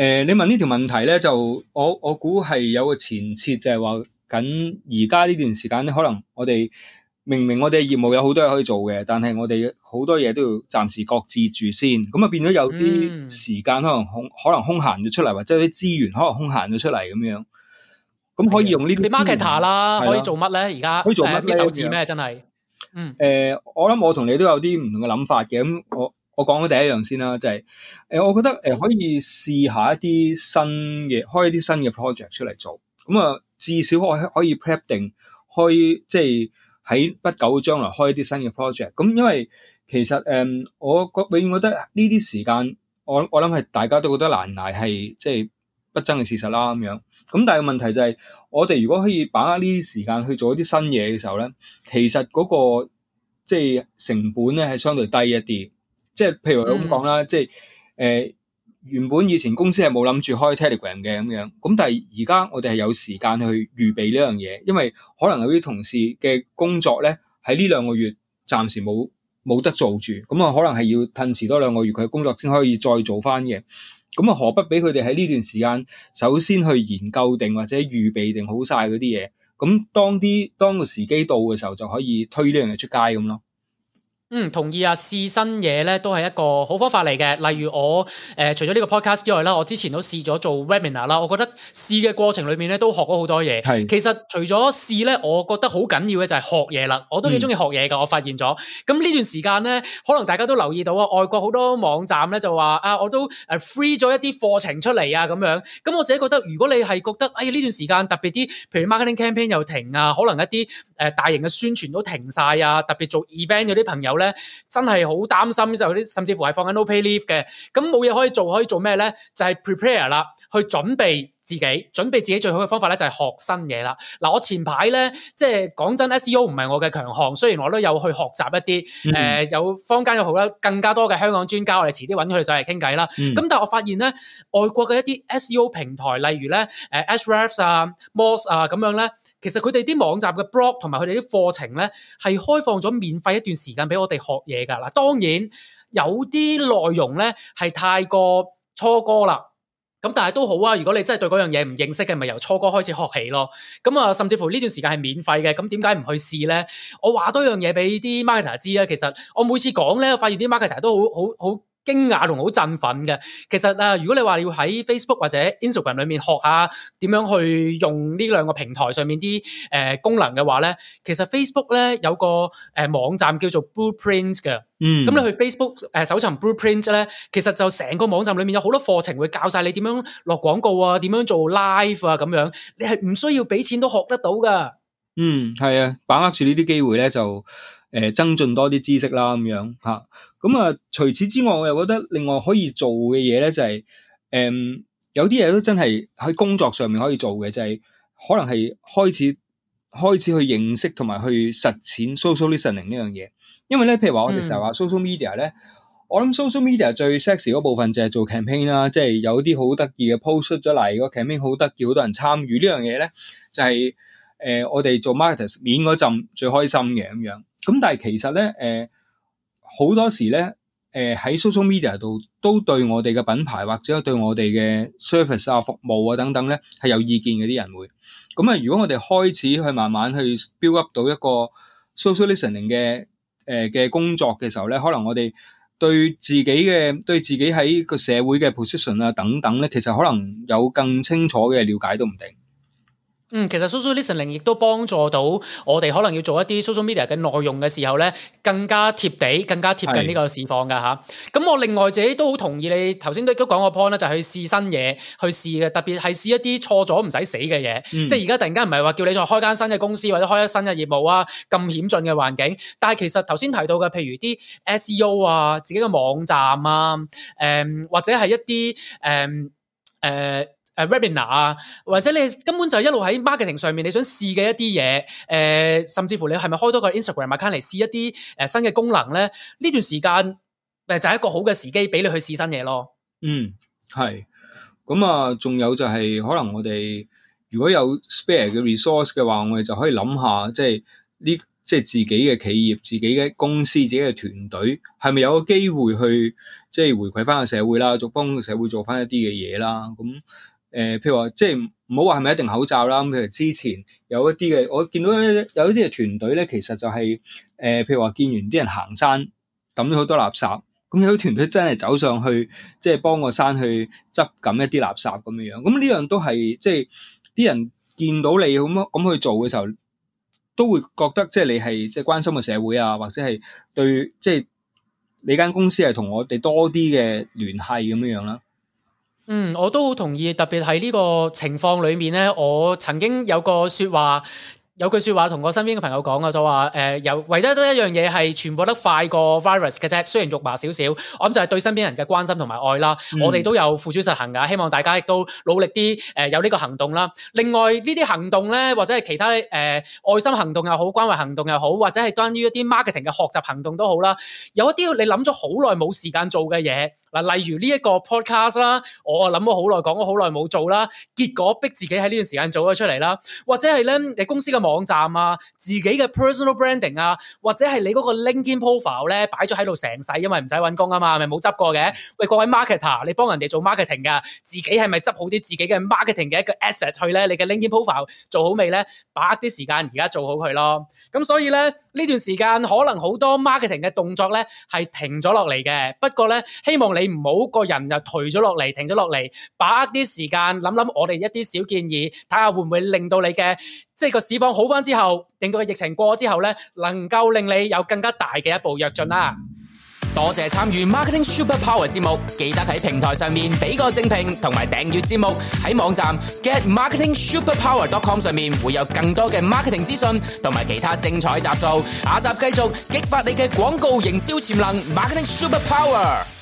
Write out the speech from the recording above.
誒、呃，你問呢條問題咧，就我我估係有個前設，就係話緊而家呢段時間咧，可能我哋明明我哋業務有好多嘢可以做嘅，但係我哋好多嘢都要暫時擱置住先，咁啊變咗有啲時間可、嗯、可能空，可能空閒咗出嚟，或者有啲資源可能空閒咗出嚟咁樣。咁的可以用呢啲。你 marketer 啦，的可以做乜咧？而家可以做乜？啲手指咩？真係、呃。嗯。誒，我諗我同你都有啲唔同嘅諗法嘅，咁我。我講咗第一樣先啦，就係、是、誒、呃，我覺得誒、呃、可以試一下一啲新嘅，開一啲新嘅 project 出嚟做。咁、嗯、啊，至少我可以，以 prep 定開，即係喺不久嘅將來開一啲新嘅 project。咁、嗯、因為其實誒、呃，我覺永遠覺得呢啲時間，我我諗係大家都覺得難捱，係即係不爭嘅事實啦。咁樣咁，但係個問題就係、是，我哋如果可以把握呢啲時間去做一啲新嘢嘅時候咧，其實嗰、那個即係成本咧係相對低一啲。即係譬如我咁講啦即係誒、呃，原本以前公司係冇諗住開 Telegram 嘅咁樣，咁但係而家我哋係有時間去預備呢樣嘢，因為可能有啲同事嘅工作咧喺呢兩個月暫時冇冇得做住，咁、嗯、啊可能係要褪遲多兩個月佢嘅工作先可以再做翻嘅咁、嗯、啊何不俾佢哋喺呢段時間首先去研究定或者預備定好晒嗰啲嘢，咁、嗯、當啲當個時機到嘅時候就可以推呢樣嘢出街咁咯。嗯，同意啊，試新嘢咧都係一個好方法嚟嘅。例如我誒、呃、除咗呢個 podcast 之外啦，我之前都試咗做 webinar 啦是。我覺得試嘅過程裏面咧都學咗好多嘢。係，其實除咗試咧，我覺得好緊要嘅就係學嘢啦。我都幾中意學嘢噶，我發現咗。咁呢段時間咧，可能大家都留意到啊，外國好多網站咧就話啊，我都誒 free 咗一啲課程出嚟啊，咁樣。咁我自己覺得，如果你係覺得，哎呀呢段時間特別啲，譬如 marketing campaign 又停啊，可能一啲誒、呃、大型嘅宣傳都停晒啊，特別做 event 嗰啲朋友。咧真係好擔心，就啲甚至乎係放緊 no pay leave 嘅，咁冇嘢可以做，可以做咩咧？就係、是、prepare 啦，去準備。自己準備自己最好嘅方法咧，就係、是、學新嘢啦。嗱、啊，我前排咧，即係講真，SEO 唔係我嘅強項，雖然我都有去學習一啲，誒、嗯呃、有坊間又好啦、更加多嘅香港專家，我哋遲啲搵佢哋上嚟傾偈啦。咁、嗯、但係我發現咧，外國嘅一啲 SEO 平台，例如咧，誒、呃、Ahrefs 啊、Moz 啊咁樣咧，其實佢哋啲網站嘅 blog 同埋佢哋啲課程咧，係開放咗免費一段時間俾我哋學嘢㗎。嗱，當然有啲內容咧係太過錯過啦。咁但係都好啊！如果你真係對嗰樣嘢唔認識嘅，咪由初哥開始學起咯。咁、嗯、啊，甚至乎呢段時間係免費嘅，咁點解唔去試呢？我話多樣嘢俾啲 marketer 知啊！其實我每次講呢，發現啲 marketer 都好好。驚訝同好振奮嘅，其實啊，如果你話你要喺 Facebook 或者 Instagram 裏面學下點樣去用呢兩個平台上面啲誒、呃、功能嘅話咧，其實 Facebook 咧有個誒、呃、網站叫做 Blueprint 嘅，嗯，咁你去 Facebook 誒、呃、搜尋 Blueprint 咧，其實就成個網站裏面有好多課程會教晒你點樣落廣告啊，點樣做 live 啊，咁樣你係唔需要俾錢都學得到噶。嗯，係啊，把握住呢啲機會咧，就誒、呃、增進多啲知識啦，咁樣吓。啊咁啊、嗯，除此之外，我又覺得另外可以做嘅嘢咧，就係、是、誒、嗯、有啲嘢都真係喺工作上面可以做嘅，就係、是、可能係開始開始去認識同埋去實踐 social listening 呢樣嘢。因為咧，譬如話我哋成日話 social media 咧，嗯、我諗 social media 最 sexy 嗰部分就係做 campaign 啦，即、那、係、個、有啲好得意嘅 post 出咗嚟，個 campaign 好得意，好多人參與呢樣嘢咧，就係、是、誒、呃、我哋做 marketers 演嗰陣最開心嘅咁樣。咁但係其實咧誒。呃好多時咧，誒喺 social media 度都對我哋嘅品牌或者對我哋嘅 service 啊、服務啊等等咧係有意見嘅啲人會。咁、嗯、啊，如果我哋開始去慢慢去 build up 到一個 social listening 嘅誒嘅工作嘅時候咧，可能我哋對自己嘅對自己喺個社會嘅 position 啊等等咧，其實可能有更清楚嘅了解都唔定。嗯，其實 social listening 亦都幫助到我哋可能要做一啲 social media 嘅內容嘅時候咧，更加貼地、更加貼近呢個市況㗎吓。咁是的、啊、我另外自己都好同意你頭先都都講個 point 啦，就係去試新嘢，去試嘅，特別係試一啲錯咗唔使死嘅嘢。嗯、即係而家突然間唔係話叫你再開間新嘅公司或者開一新嘅業務啊，咁險峻嘅環境。但係其實頭先提到嘅，譬如啲 SEO 啊、自己嘅網站啊、誒、呃、或者係一啲誒誒。呃呃誒，Webinar 啊，Web inar, 或者你根本就一路喺 marketing 上面，你想試嘅一啲嘢，誒、呃，甚至乎你係咪開多個 Instagram account 嚟試一啲誒、呃、新嘅功能咧？呢段時間誒、呃、就係、是、一個好嘅時機，俾你去試新嘢咯嗯。嗯，係。咁啊，仲有就係、是、可能我哋如果有 spare 嘅 resource 嘅話，我哋就可以諗下，即係呢，即係自己嘅企業、自己嘅公司、自己嘅團隊，係咪有個機會去即係回饋翻個社會啦，就幫社會做翻一啲嘅嘢啦？咁、嗯。誒、呃，譬如話即係唔好話係咪一定口罩啦。咁譬如之前有一啲嘅，我見到有一啲嘅團隊咧，其實就係、是、誒、呃，譬如話見完啲人行山抌咗好多垃圾，咁有啲團隊真係走上去，即係幫個山去執撿一啲垃圾咁樣樣。咁呢樣樣都係即係啲人見到你咁樣咁去做嘅時候，都會覺得即係你係即係關心個社會啊，或者係對即係你間公司係同我哋多啲嘅聯繫咁樣樣啦。嗯，我都好同意，特別喺呢個情況裏面咧，我曾經有個說話。有句説話同我身邊嘅朋友講啊，就話誒有唯一得一樣嘢係傳播得快過 virus 嘅啫，雖然肉麻少少，我諗就係對身邊人嘅關心同埋愛啦。嗯、我哋都有付諸實行㗎，希望大家亦都努力啲誒、呃、有呢個行動啦。另外呢啲行動咧，或者係其他誒、呃、愛心行動又好，關懷行動又好，或者係關於一啲 marketing 嘅學習行動都好啦。有一啲你諗咗好耐冇時間做嘅嘢嗱，例如呢一個 podcast 啦，我諗咗好耐，講咗好耐冇做啦，結果逼自己喺呢段時間做咗出嚟啦。或者係咧，你公司嘅網站啊，自己嘅 personal branding 啊，或者係你嗰個 l i n k i n g profile 咧，擺咗喺度成世，因為唔使揾工啊嘛，咪冇執過嘅。嗯、喂，各位 m a r k e t e r 你幫人哋做 marketing 噶，自己係咪執好啲自己嘅 marketing 嘅一個 asset 去咧？你嘅 l i n k i n g profile 做好未咧？把握啲時間而家做好佢咯。咁所以咧，呢段時間可能好多 marketing 嘅動作咧係停咗落嚟嘅。不過咧，希望你唔好個人就頹咗落嚟，停咗落嚟，把握啲時間諗諗我哋一啲小建議，睇下會唔會令到你嘅。即係個市況好返之後，令到疫情過之後咧，能夠令你有更加大嘅一步躍進啦！多謝參與 Marketing Super Power 節目，記得喺平台上面俾個精評同埋訂閱節目。喺網站 Get Marketing Super Power.com 上面會有更多嘅 marketing 資訊同埋其他精彩集數。下集繼續激發你嘅廣告營銷潛能，Marketing Super Power！